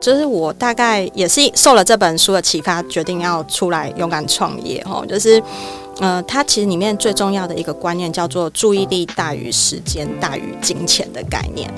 就是我大概也是受了這本書的啟發，決定要出來勇敢創業，哈，就是，嗯、呃，它其實裡面最重要的一個觀念叫做“注意力大於時間大於金錢”的概念。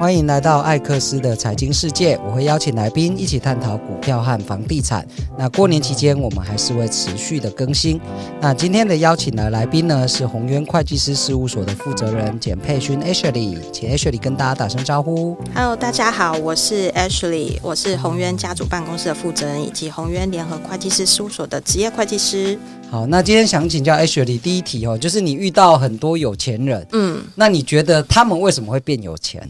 歡迎來到艾克斯的財經世界，我會邀請來賓一起探討股票和房地產。那過年期間，我們還是會持續的更新。那今天的邀請的來賓呢，是鴻淵會計師事務所的負責人簡佩勳 Ashley，請 Ashley 跟大家打聲招呼。Hello，大家好，我是 Ashley，我是鴻淵家族辦公室的負責人，以及鴻淵聯合會計師事務所的職業會計師。好，那今天想請教 Ashley，第一題哦，就是你遇到很多有錢人，嗯，那你覺得他們為什麼會變有錢？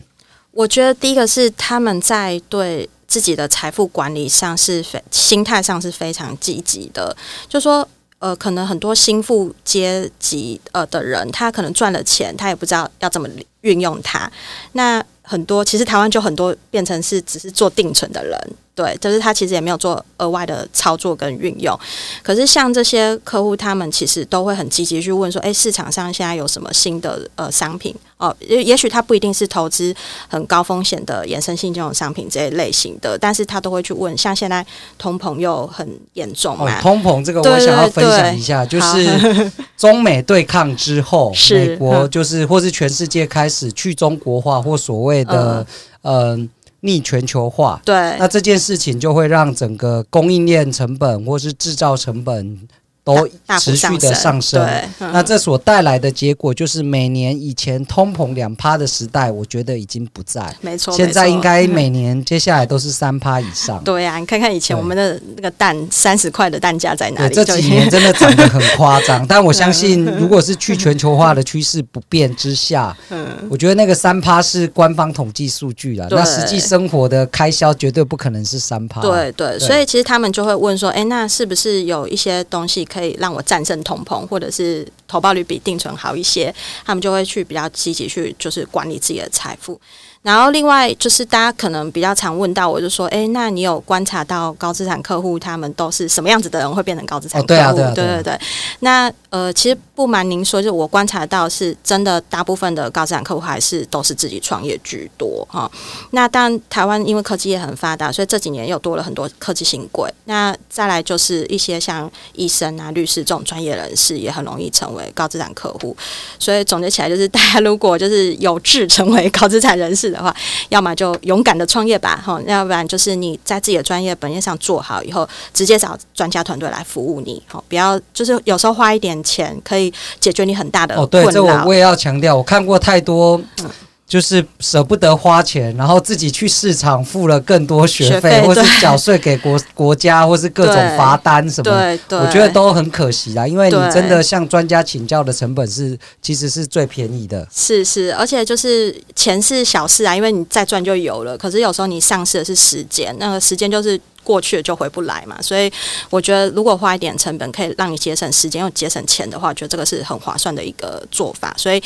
我覺得第一個是他們在對自己的財富管理上是非心態上是非常積極的。就說呃，可能很多新富階級呃的人，他可能賺了錢，他也不知道要怎麼運用它。那很多其實台灣就很多變成是只是做定存的人。對，就是他其實也沒有做額外的操作跟運用。可是像這些客戶，他們其實都會很積極去問說：“哎，市場上現在有什麼新的呃商品？”哦、呃，也也許他不一定是投資很高風險的衍生性這種商品這一類型的，但是他都會去問。像現在通膨又很嚴重，啊哦、通膨這個我想要分享一下，對對對對就是中美對抗之後，呵呵美國就是或是全世界開始去中國化，或所謂的嗯。呃逆全球化，對，那這件事情就會讓整個供應鏈成本或是製造成本，都持續的上升，上升嗯、那這所帶來的結果就是，每年以前通膨兩趴的時代，我覺得已經不在，沒錯錯。現在應該每年接下來都是三趴以上。嗯。對啊，你看看以前我們的那個蛋三十塊的蛋價在哪裡？這幾年真的漲得很誇張。 但我相信，如果是去全球化的趨勢不變之下，嗯，我覺得那個三趴是官方統計數據啦，對那實際生活的開銷絕對不可能是三趴。對對，所以其實他們就會問說，哎、欸，那是不是有一些東西？可以讓我戰勝通膨，或者是投報率比定存好一些，他們就會去比較積極去，就是管理自己的財富。然後另外就是大家可能比較常問到，我就說，哎，那你有觀察到高資產客戶他們都是什麼樣子的人會變成高資產客戶？對對對。那呃，其實不瞞您說，就是我觀察到，是真的大部分的高資產客戶還是都是自己創業居多哈。那當然，台灣因為科技業很發達，所以這幾年又多了很多科技新貴。那再來就是一些像醫生啊、律師這種專業人士也很容易成為高資產客戶。所以總結起來就是，大家如果就是有志成為高資產人士，的話，要麼就勇敢的創業吧，哈、哦，要不然就是你在自己的專業本業上做好以後，直接找專家團隊來服務你，哈、哦，不要就是有時候花一點錢可以解決你很大的困難。哦，對，這我我也要強調，我看過太多。嗯嗯就是捨不得花錢，然後自己去市場付了更多學費，學費，對，或是繳稅給國國家，或是各種罰單什麼，對對對，我覺得都很可惜啦。因為你真的向專家請教的成本是其實對是最便宜的，是是，而且就是錢是小事啊，因為你再賺就有了。可是有時候你喪失的是時間，那個時間就是過去了就回不來嘛。所以我覺得，如果花一點成本可以讓你節省時間又節省錢的話，我覺得這個是很划算的一個做法。所以。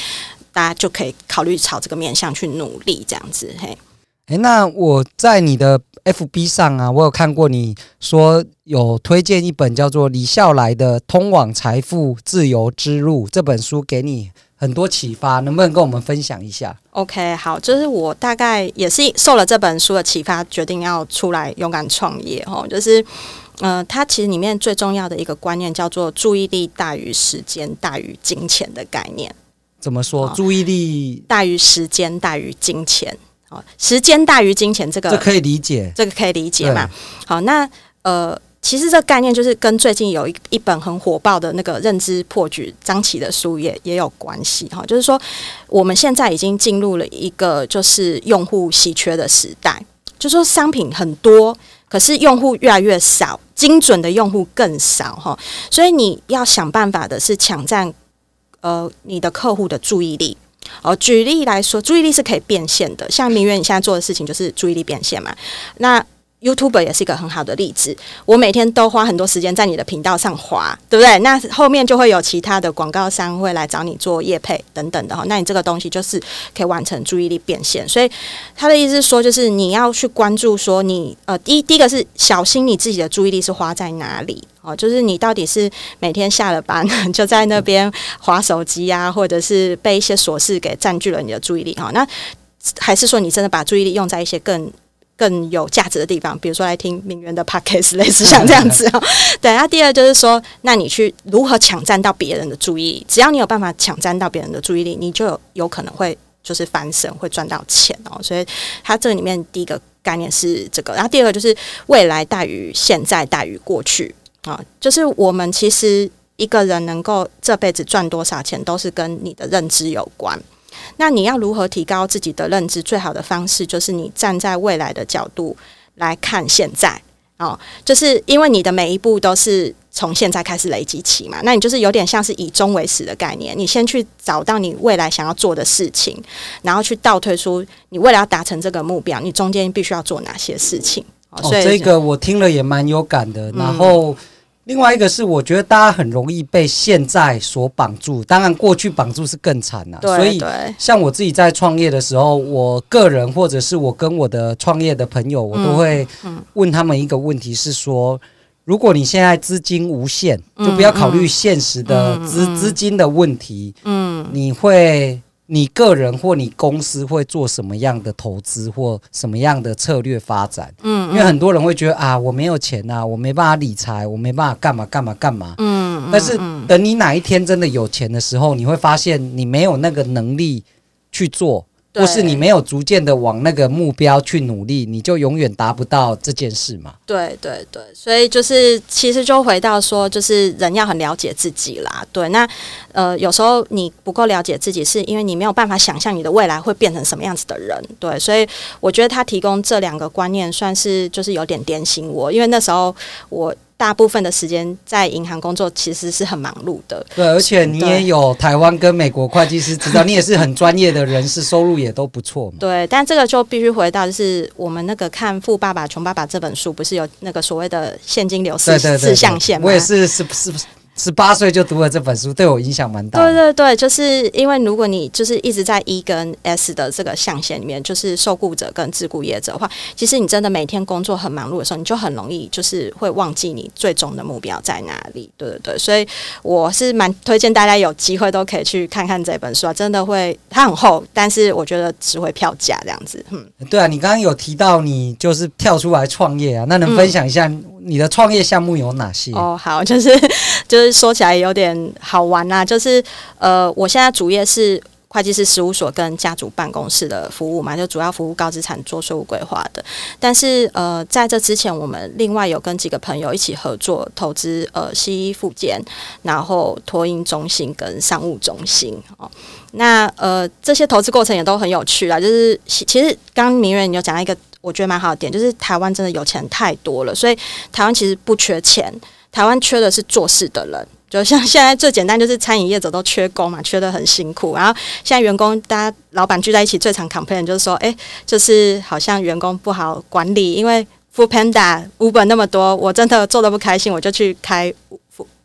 大家就可以考慮朝這個面向去努力，這樣子嘿誒。那我在你的 FB 上啊，我有看過你說有推薦一本叫做李笑來的《通往財富自由之路》這本書，給你很多啟發，能不能跟我們分享一下？OK，好，就是我大概也是受了這本書的啟發，決定要出來勇敢創業哈、哦，就是，呃，它其實裡面最重要的一個觀念叫做“注意力大於時間大於金錢”的概念。怎麼說？哦、注意力大於時間，大於金錢。哦，時間大於金錢，這個這可以理解，這個可以理解嘛？好對、哦，那呃，其實這個概念就是跟最近有一一本很火爆的那個認知破局張琦的書也也有關係哈、哦。就是說，我們現在已經進入了一個就是用戶稀缺的時代，就說商品很多，可是用戶越來越少，精準的用戶更少哈、哦。所以你要想辦法的是搶佔。呃，你的客戶的注意力，哦、呃，舉例來說，注意力是可以變現的。像明月，你現在做的事情就是注意力變現嘛？那。YouTuber 也是一個很好的例子，我每天都花很多時間在你的頻道上滑，對不對？那後面就會有其他的廣告商會來找你做業配等等的哈。那你這個東西就是可以完成注意力變現。所以他的意思說，就是你要去關注說你，你呃，第一第一個是小心你自己的注意力是花在哪裡哦，就是你到底是每天下了班就在那邊滑手機啊，或者是被一些瑣事給佔據了你的注意力哈？那還是說你真的把注意力用在一些更。更有價值的地方，比如說來聽名媛的 podcast，類似像這樣子。 對，那、啊、第二個就是說，那你去如何搶占到別人的注意力？只要你有辦法搶占到別人的注意力，你就有，有可能會就是翻身，會賺到錢哦。所以，它這裡面第一個概念是這個，然後、啊、第二個就是未來大於現在大於過去啊，就是我們其實一個人能夠這輩子賺多少錢，都是跟你的認知有關。那你要如何提高自己的認知？最好的方式就是你站在未來的角度來看現在哦，就是因為你的每一步都是從現在開始累積起嘛。那你就是有點像是以終為始的概念，你先去找到你未來想要做的事情，然後去倒推出你未來要達成這個目標，你中間必須要做哪些事情，哦。所以，哦，這個我聽了也蠻有感的，然後。嗯另外一個是，我覺得大家很容易被現在所綁住，當然過去綁住是更慘了啊。對對。所以，像我自己在創業的時候，我個人或者是我跟我的創業的朋友，我都會問他們一個問題：是說，嗯，嗯。如果你現在資金無限，就不要考慮現實的資資金的問題，嗯，嗯，嗯。你會，你個人或你公司會做什麼樣的投資或什麼樣的策略發展？嗯。因為很多人會覺得啊，我沒有錢吶，啊，我沒辦法理財，我沒辦法幹嘛幹嘛幹嘛嗯。嗯，嗯，但是等你哪一天真的有錢的時候，你會發現你沒有那個能力去做。不是，你沒有逐漸的往那個目標去努力，你就永遠達不到這件事嘛。對對對，所以就是其實就回到說，就是人要很了解自己啦。對，那呃有時候你不夠了解自己，是因為你沒有辦法想象你的未來會變成什麼樣子的人。對，所以我覺得他提供這兩個觀念，算是就是有點點醒我，因為那時候我。大部分的時間在銀行工作，其實是很忙碌的。對，而且你也有台灣跟美國會計師執照對你也是很專業的人士， 收入也都不錯嘛。對，但這個就必須回到就是我們那個看《富爸爸窮爸爸》爸爸這本書，不是有那個所謂的現金流四，對對對對，四象限嘛？我也是是是，是不是 十八歲就讀了這本書，對我影響蠻大的。對對對，就是因為如果你就是一直在 E 跟 S 的這個象限裡面，就是受雇者跟自雇業者的話，其實你真的每天工作很忙碌的時候，你就很容易就是會忘記你最終的目標在哪裡。對對對，所以我是蠻推薦大家有機會都可以去看看這本書啊，真的會它很厚，但是我覺得值回票價這樣子。嗯，對啊，你剛剛有提到你就是跳出來創業啊，那能分享一下？嗯。你的創業項目有哪些？哦，oh, 好，就是就是說起來有點好玩吶，就是呃，我現在主業是會計師事務所跟家族辦公室的服務嘛，就主要服務高資產做稅務規劃的。但是呃，在這之前，我們另外有跟幾個朋友一起合作投資呃西醫附件，然後托嬰中心跟商務中心哦。那呃，這些投資過程也都很有趣啊，就是其實剛明遠你有講到一個。我覺得蠻好的點，就是台灣真的有錢太多了，所以台灣其實不缺錢，台灣缺的是做事的人。就像現在最簡單，就是餐飲業者都缺工嘛，缺的很辛苦。然後現在員工，大家老板聚在一起最常 complain 就是說，哎、欸，就是好像員工不好管理，因為 Foodpanda Uber 那麼多，我真的做的不開心，我就去開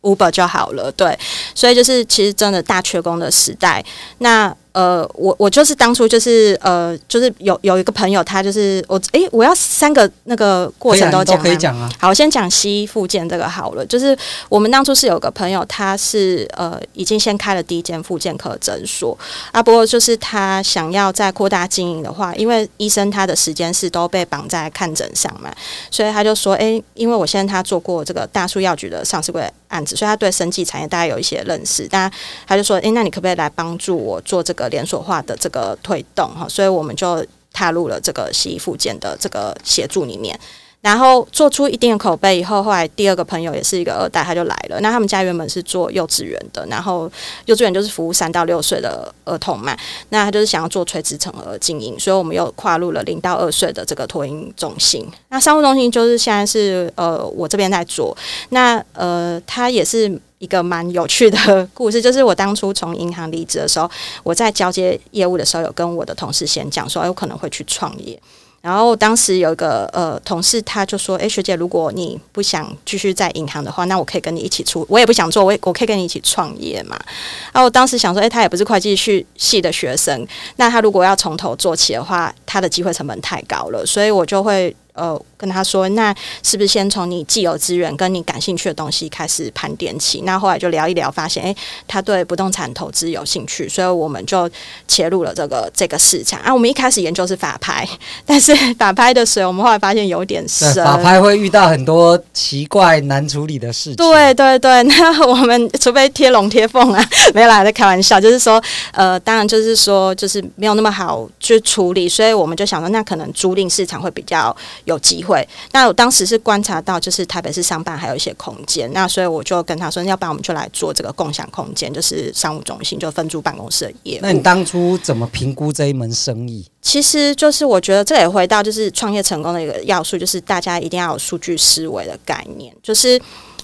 Uber 就好了。對，所以就是其實真的大缺工的時代。那呃，我我就是當初就是呃，就是有有一個朋友，他就是我誒、欸，我要三個那個過程都講可以講啊。啊好，我先講西醫復健這個好了。就是我們當初是有個朋友，他是呃已經先開了第一間復健科診所啊，不過就是他想要再擴大經營的話，因為醫生他的時間是都被綁在看診上嘛，所以他就說，誒、欸，因為我現在他做過這個大樹藥局的上市櫃案子，所以他對生技產業大概有一些認識，但他就說，誒、欸，那你可不可以來幫助我做這個？連鎖化的這個推動哈，所以我們就踏入了這個洗衣附件的這個協助裡面，然後做出一定的口碑以後，後來第二個朋友也是一個二代，他就來了。那他們家原本是做幼稚園的，然後幼稚園就是服務三到六歲的兒童嘛，那他就是想要做垂直成額經營，所以我們又跨入了零到二歲的這個托嬰中心。那商務中心就是現在是呃我這邊在做，那呃他也是。一個蠻有趣的故事，就是我當初從銀行離職的時候，我在交接業務的時候，有跟我的同事先講說，有、欸、可能會去創業。然後當時有一個呃同事，他就說：“哎、欸，學姐，如果你不想繼續在銀行的話，那我可以跟你一起出。我也不想做，我也我可以跟你一起創業嘛。”然後我當時想說：“哎、欸，他也不是會計系系的學生，那他如果要從頭做起的話，他的機會成本太高了，所以我就會。”呃，跟他說，那是不是先從你既有資源跟你感興趣的東西開始盤點起？那後來就聊一聊，發現誒、欸，他對不動產投資有興趣，所以我們就切入了這個這個市場。啊，我們一開始研究是法拍，但是法拍的時候，我們後來發現有點難。法拍會遇到很多奇怪難處理的事情。對對對，那我們除非貼龍貼鳳啊，沒啦，在開玩笑，就是說呃，當然就是說就是沒有那麼好去處理，所以我們就想說，那可能租賃市場會比較有機會，那我當時是觀察到，就是台北市商辦還有一些空間，那所以我就跟他說，要不然我們就來做這個共享空間，就是商務中心，就分租辦公室的業務。那你當初怎麼評估這一門生意？其實就是我覺得這也回到就是創業成功的一個要素，就是大家一定要有數據思維的概念，就是。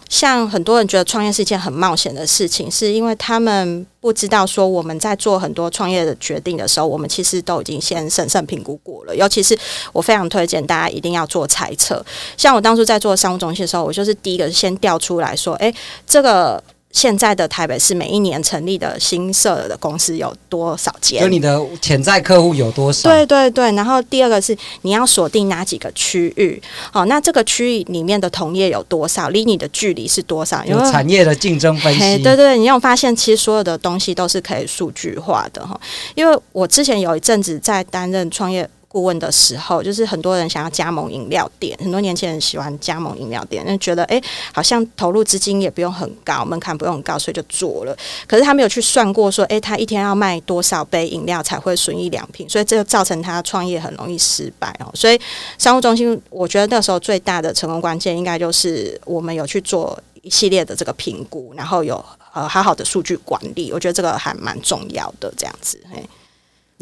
像很多人覺得創業是一件很冒險的事情，是因為他們不知道說我們在做很多創業的決定的時候，我們其實都已經先審慎評估過了。尤其是我非常推薦大家一定要做猜測。像我當初在做商務中心的時候，我就是第一個先調出來說：“哎、欸，這個。”現在的台北市每一年成立的新設的公司有多少間？就你的潛在客戶有多少？對對對，然後第二個是你要鎖定哪幾個區域？好、哦，那這個區域裡面的同業有多少？離你的距離是多少？有產業的競爭分析。哎、對對，你有發現，其實所有的東西都是可以數據化的哈、哦。因為我之前有一陣子在擔任創業。顧問的時候，就是很多人想要加盟飲料店，很多年輕人喜歡加盟飲料店，那覺得誒、欸，好像投入資金也不用很高，門檻不用很高，所以就做了。可是他沒有去算過說，說、欸、誒，他一天要賣多少杯飲料才會損益兩平，所以這就造成他創業很容易失敗哦。所以商務中心，我覺得那時候最大的成功關鍵，應該就是我們有去做一系列的這個評估，然後有呃好好的數據管理，我覺得這個還蠻重要的。這樣子，欸。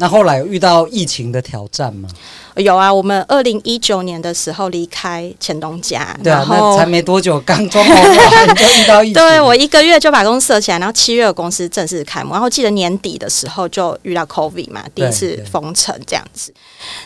那後來有遇到疫情的挑戰嗎？有啊，我們二零一九年的時候離開前東家，對啊，那才沒多久 剛裝修就遇到疫情，對，我一個月就把公司設起來，然後七月有公司正式開幕，然後記得年底的時候就遇到 COVID 嘛，對對對，第一次封城這樣子，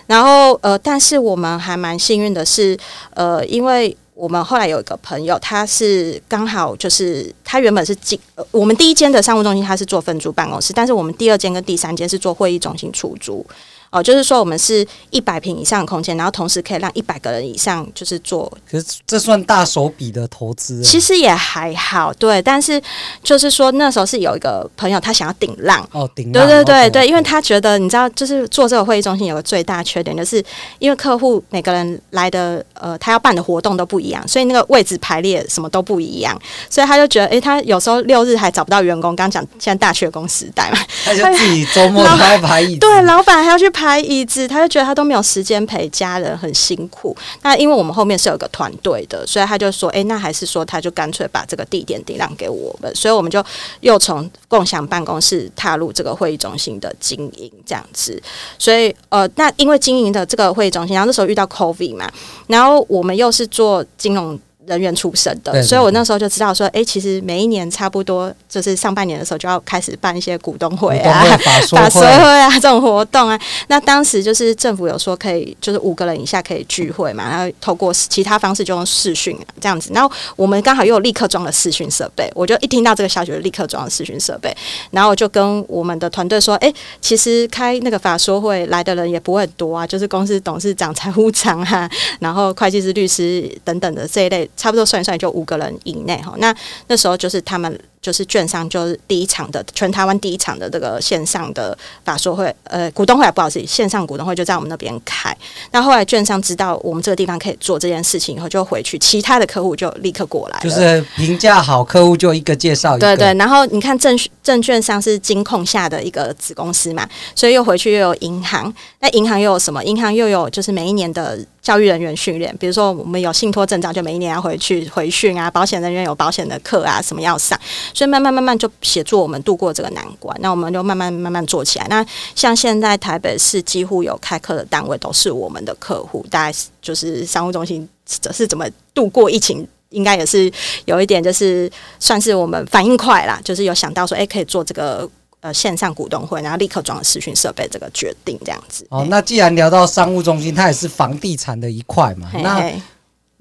然後呃，但是我們還蠻幸運的是，呃，因為。我們後來有一個朋友，他是剛好就是他原本是進呃，我們第一間的商務中心，他是做分租辦公室，但是我們第二間跟第三間是做會議中心出租。哦、呃，就是說我們是一百坪以上的空間，然後同時可以讓一百個人以上就是做，可是這算大手筆的投資，其實也還好，對。但是就是說那時候是有一個朋友他想要頂讓哦，頂讓，對對對對，哦、對因為他覺得你知道，就是做這個會議中心有個最大缺點，就是因為客戶每個人來的呃，他要辦的活動都不一樣，所以那個位置排列什麼都不一樣，所以他就覺得哎、欸，他有時候六日還找不到員工，剛講現在大學工時代大缺工時代嘛，他就自己周末拍拍排椅，對，老板還要去排。他一直，他就覺得他都沒有時間陪家人，很辛苦。那因為我們後面是有一個團隊的，所以他就說：“誒、欸，那還是說他就乾脆把這個地點頂讓給我們。”所以我們就又從共享辦公室踏入這個會議中心的經營這樣子。所以呃，那因為經營的這個會議中心，然後那時候遇到 Covid 嘛，然後我們又是做金融。人員出身的，所以我那時候就知道說，誒、欸，其實每一年差不多就是上半年的時候就要開始辦一些股東會啊會、法說會，法說會啊這種活動啊。那當時就是政府有說可以，就是五個人以下可以聚會嘛，然後透過其他方式就用視訊、啊、這樣子。然後我們剛好又有立刻裝了視訊設備，我就一聽到這個消息就立刻裝了視訊設備，然後我就跟我們的團隊說，誒、欸，其實開那個法說會來的人也不會很多啊，就是公司董事長、財務長啊，然後會計師、律師等等的這一類。差不多算一算，就五個人以內哈。那那時候就是他們。就是券商就是第一場的全台灣第一場的這個線上的法說會，呃，股東會不好意思，線上股東會就在我們那邊開。那後來券商知道我們這個地方可以做這件事情以後，就回去，其他的客戶就立刻過來。就是評價好客戶就一個介紹，對，對對。然後你看證，證券商是金控下的一個子公司嘛，所以又回去又有銀行，那銀行又有什麼？銀行又有就是每一年的教育人員訓練，比如說我們有信託證照，就每一年要回去回訓啊；保險人員有保險的課啊，什麼要上。所以慢慢慢慢就協助我們度過這個難關，那我們就慢慢慢慢做起來。那像現在台北市幾乎有開課的單位都是我們的客戶，大家就是商務中心這是怎麼度過疫情？應該也是有一點就是算是我們反應快啦，就是有想到說，哎、欸，可以做這個呃線上股東會，然後立刻裝了視訊設備這個決定這樣子。哦，那既然聊到商務中心，它也是房地產的一塊嘛，那。嘿嘿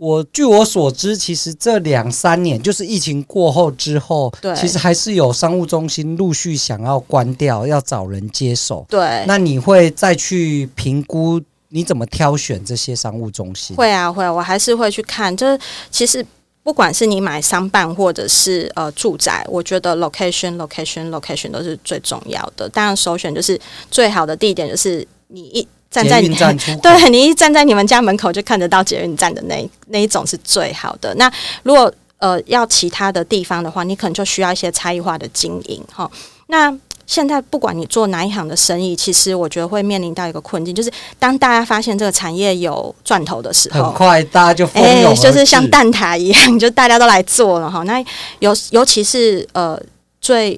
我據我所知，其實這兩三年就是疫情過後之後，對其實還是有商務中心陸續想要關掉，要找人接手。對，那你會再去評估，你怎麼挑選這些商務中心？會啊，會啊，我還是會去看。就是其實不管是你買商辦或者是呃住宅，我覺得 location，location，location location 都是最重要的。當然首選就是最好的地點，就是你一。站在你對，你一站在你們家門口就看得到捷運站的那那一種是最好的。那如果呃要其他的地方的話，你可能就需要一些差異化的經營哈。那現在不管你做哪一行的生意，其實我覺得會面臨到一個困境，就是當大家發現這個產業有賺頭的時候，很快大家就哎、欸，就是像蛋撻一樣，就大家都來做了哈。那尤尤其是呃最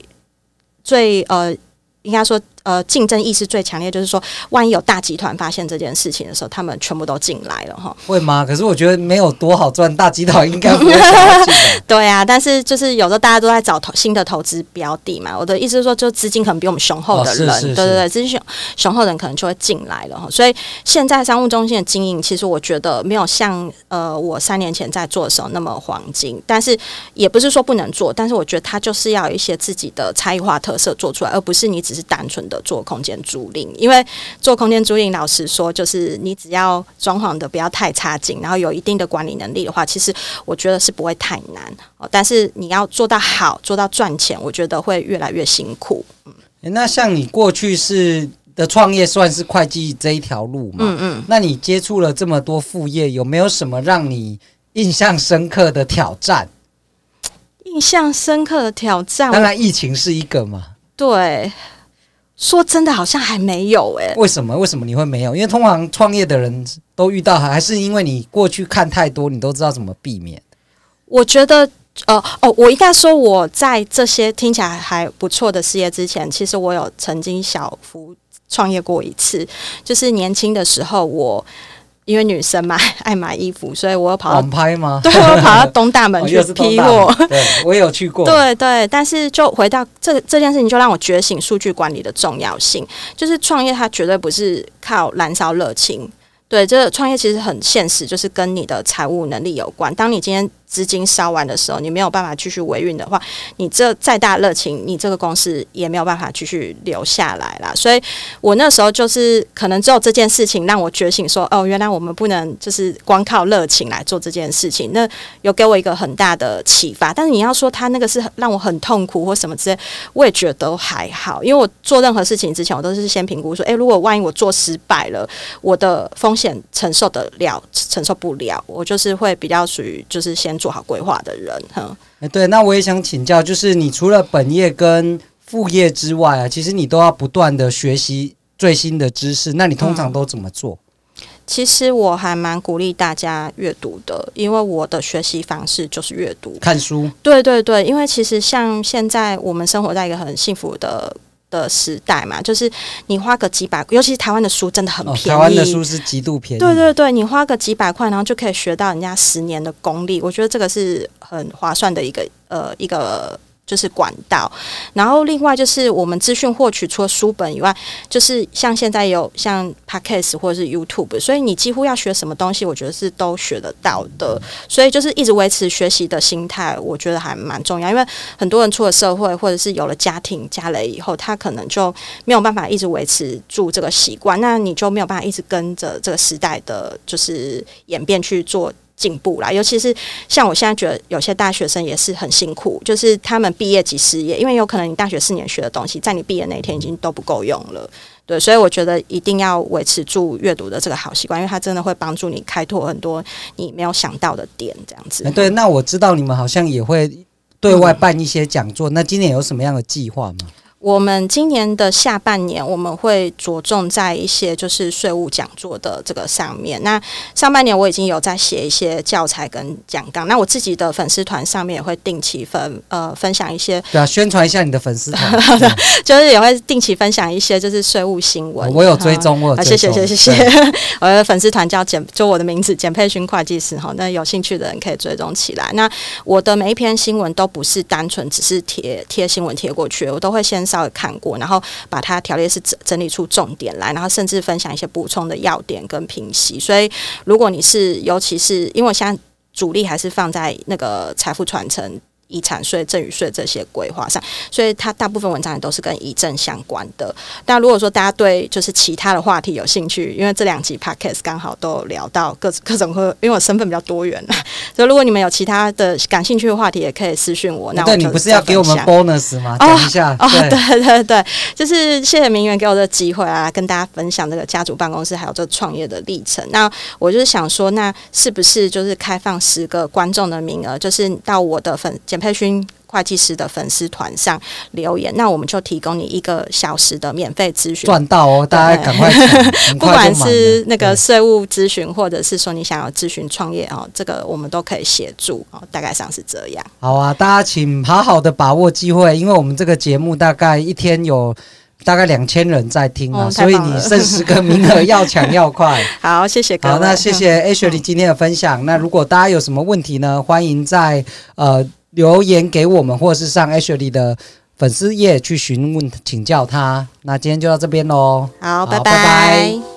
最呃應該說。呃，競爭意識最強烈，就是說，萬一有大集團發現這件事情的時候，他們全部都進來了哈。吼會嗎？可是我覺得沒有多好賺，大集團應該。 對啊，但是就是有時候大家都在找投新的投資標的嘛。我的意思是說，就資金可能比我們雄厚的人，哦、是是是對對對，資金雄厚雄厚的人可能就會進來了哈。所以現在商務中心的經營，其實我覺得沒有像呃我三年前在做的時候那麼黃金，但是也不是說不能做，但是我覺得它就是要有一些自己的差異化特色做出來，而不是你只是單純的。做空間租賃，因為做空間租賃，老實說，就是你只要裝潢得不要太差勁，然後有一定的管理能力的話，其實我覺得是不會太難。哦、喔，但是你要做到好，做到賺錢，我覺得會越來越辛苦。嗯，欸，那像你過去是的創業算是會計這一條路嘛？嗯，嗯。那你接觸了這麼多副業，有沒有什麼讓你印象深刻的挑戰？印象深刻的挑戰，當然疫情是一個嘛？對。說真的，好像還沒有誒。為什麼？為什麼你會沒有？因為通常創業的人都遇到，還是因為你過去看太多，你都知道怎麼避免。我覺得，呃，哦，我應該說我在這些聽起來還不錯的事業之前，其實我有曾經小幅創業過一次，就是年輕的時候我。因為女生嘛，愛買衣服，所以我有跑到網拍嗎？對，我跑到東大門去批貨。哦。對，我也有去過。 對對，但是就回到這這件事情，就讓我覺醒數據管理的重要性。就是創業，它絕對不是靠燃燒熱情。對，這個創業其實很現實，就是跟你的財務能力有關。當你今天。資金燒完的時候，你沒有辦法繼續維運的話，你這再大熱情，你這個公司也沒有辦法繼續留下來啦。所以我那時候就是可能只有這件事情讓我覺醒說，說哦，原來我們不能就是光靠熱情來做這件事情。那有給我一個很大的啟發。但是你要說他那個是讓我很痛苦或什麼之類，我也覺得都還好，因為我做任何事情之前，我都是先評估說，哎、欸，如果萬一我做失敗了，我的風險承受得了，承受不了，我就是會比較屬於就是先。做好規劃的人，哈，欸、對，那我也想請教，就是你除了本業跟副業之外啊，其實你都要不斷的學習最新的知識，那你通常都怎麼做？嗯，其實我還蠻鼓勵大家閱讀的，因為我的學習方式就是閱讀，看書。對對對，因為其實像現在我們生活在一個很幸福的。的時代嘛，就是你花個幾百，尤其是台灣的書真的很便宜，哦，台灣的書是極度便宜。對對對，你花個幾百塊，然後就可以學到人家十年的功力，我覺得這個是很划算的一個呃一個。就是管道，然後另外就是我們資訊獲取，除了書本以外，就是像現在有像 Podcast 或者是 YouTube，所以你幾乎要學什麼東西，我覺得是都學得到的。所以就是一直維持學習的心態，我覺得還蠻重要。因為很多人出了社會，或者是有了家庭家累以後，他可能就沒有辦法一直維持住這個習慣，那你就沒有辦法一直跟着這個時代的就是演變去做進步啦，尤其是像我現在覺得有些大學生也是很辛苦，就是他們畢業即失業，因為有可能你大學四年學的東西，在你畢業那一天已經都不夠用了，嗯、對，所以我覺得一定要維持住閱讀的這個好習慣，因為它真的會幫助你開拓很多你沒有想到的點，這樣子、欸。對，那我知道你們好像也會對外辦一些講座，嗯、那今年有什麼樣的計劃嗎？我們今年的下半年，我們會着重在一些就是稅務講座的這個上面。那上半年我已經有在寫一些教材跟講綱，那我自己的粉絲團上面也會定期分呃分享一些，對啊，宣傳一下你的粉絲團， 就是也會定期分享一些就是稅務新聞，嗯。我有追蹤過，好呵，謝謝，謝謝，謝謝對。 我的粉絲團叫簡，就我的名字簡佩勳會計師哈。那有興趣的人可以追蹤起來。那我的每一篇新聞都不是單純只是貼貼新聞貼過去，我都會先。稍微看過，然後把它條列式整整理出重點來，然後甚至分享一些補充的要點跟評析。所以，如果你是，尤其是因為我現在主力還是放在那個財富傳承。遺產稅、贈與稅這些規劃上，所以他大部分文章也都是跟遺贈相關的。那如果說大家對就是其他的話題有興趣，因為這兩集 podcast 剛好都聊到各各種各，因為我身份比較多元，呵呵，因為我身份比較多元呵呵，所以如果你們有其他的感興趣的話題，也可以私訊我。啊、對那我你不是要給我們 bonus 嗎？哦、等一下，哦，對，對對對，就是謝謝明媛給我的機會啊，跟大家分享這個家族辦公室還有這創業的歷程。那我就是想說，那是不是就是開放十個觀眾的名額，就是到我的粉。簡佩勳會計師的粉絲團上留言，那我們就提供你一個小時的免費諮詢。賺到哦，大家趕快！ 不管是那個稅務諮詢，或者是說你想要諮詢創業哦，這個我們都可以協助哦。大概上是這樣。好啊，大家請好好的把握機會，因為我們這個節目大概一天有大概兩千人在聽啊，嗯、所以你剩十個名額要搶要快。 好，謝謝各位。好，那謝謝 Ashley 今天的分享。那如果大家有什麼問題呢，歡迎在呃。留言給我們，或是上 Ashley 的粉絲頁去詢問，請教他。那今天就到這邊嘍，好，好，拜拜。拜拜。